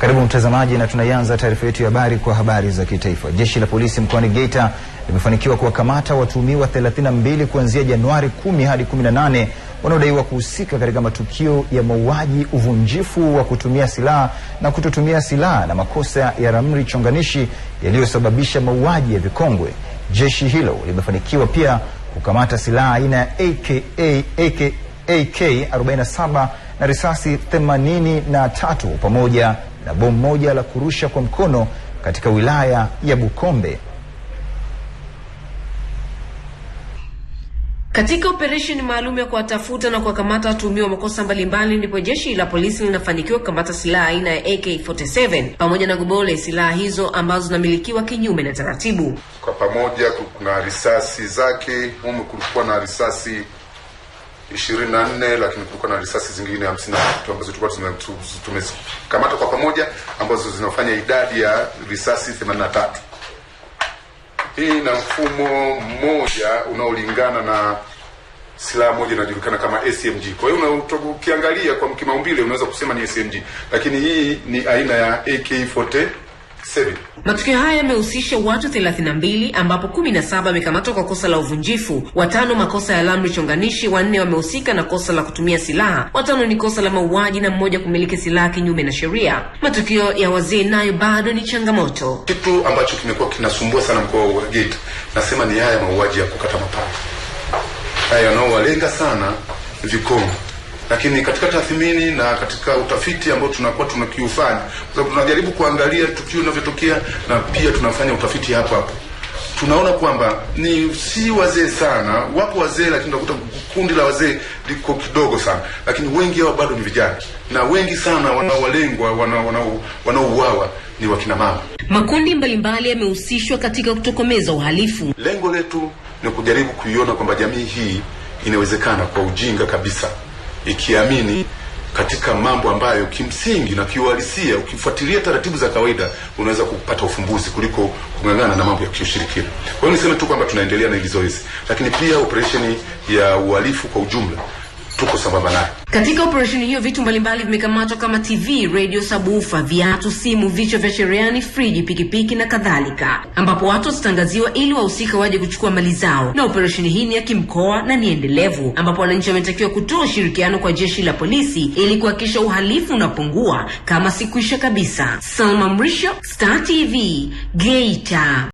Karibu mtazamaji, na tunaianza taarifa yetu ya habari kwa habari za kitaifa. Jeshi la polisi mkoani Geita limefanikiwa kuwakamata watuhumiwa 32 kuanzia Januari 10 hadi 18 wanaodaiwa kuhusika katika matukio ya mauaji, uvunjifu wa kutumia silaha na kutotumia silaha na makosa ya ramri chonganishi yaliyosababisha mauaji ya vikongwe. Jeshi hilo limefanikiwa pia kukamata silaha aina ya AK, AK, AK 47 na risasi 83 pamoja na bomu moja la kurusha kwa mkono katika wilaya ya Bukombe. Katika operesheni maalum ya kuwatafuta na kuwakamata watuhumiwa wa makosa mbalimbali ndipo jeshi la polisi linafanikiwa kukamata silaha aina ya AK47 pamoja na gobole, silaha hizo ambazo zinamilikiwa kinyume na taratibu. Kwa pamoja kuna risasi zake, humu kulikuwa na risasi ishirini na nne lakini kulikuwa na risasi zingine hamsini na tatu ambazo tulikuwa tumezikamata kwa pamoja ambazo zinafanya idadi ya risasi themanini na tatu hii na mfumo mmoja unaolingana na silaha moja inajulikana kama SMG. Kwa hiyo ukiangalia kwa kimaumbile unaweza kusema ni SMG, lakini hii ni aina ya ak Matukio haya yamehusisha watu 32 ambapo 17 wamekamatwa kwa kosa la uvunjifu, watano makosa ya amri chonganishi, wanne wamehusika na kosa la kutumia silaha, watano ni kosa la mauaji na mmoja kumiliki silaha kinyume na sheria. Matukio ya wazee nayo bado ni changamoto. Kitu ambacho kimekuwa kinasumbua sana mkoa wa Geita, nasema ni haya mauaji ya kukata mapanga, haya yanaowalenga sana vikongo lakini katika tathmini na katika utafiti ambao tunakuwa tunakiufanya, kwa sababu tunajaribu kuangalia tukio linavyotokea na pia tunafanya utafiti hapo hapo tunaona kwamba ni si wazee sana, wapo wazee lakini unakuta kundi la wazee liko kidogo sana, lakini wengi hao bado ni vijana, na wengi sana wanaowalengwa wanaouawa ni wakina mama. Makundi mbalimbali yamehusishwa katika kutokomeza uhalifu. Lengo letu ni kujaribu kuiona kwamba jamii hii inawezekana kwa ujinga kabisa ikiamini katika mambo ambayo kimsingi na kiuhalisia ukifuatilia taratibu za kawaida unaweza kupata ufumbuzi kuliko kung'ang'ana na mambo ya kiushirikina. Kwa hiyo niseme tu kwamba tunaendelea na hili zoezi, lakini pia operesheni ya uhalifu kwa ujumla tuko sambamba nayo Katika operesheni hiyo vitu mbalimbali vimekamatwa kama TV, redio, sabufa, viatu, simu, vichwa vya sheriani friji, pikipiki na kadhalika, ambapo watu watatangaziwa ili wahusika waje kuchukua mali zao. Na operesheni hii ni ya kimkoa na ni endelevu, ambapo wananchi wametakiwa kutoa ushirikiano kwa jeshi la polisi ili kuhakikisha uhalifu unapungua kama sikuisha kabisa. Salma Mrisho, Star TV, Geita.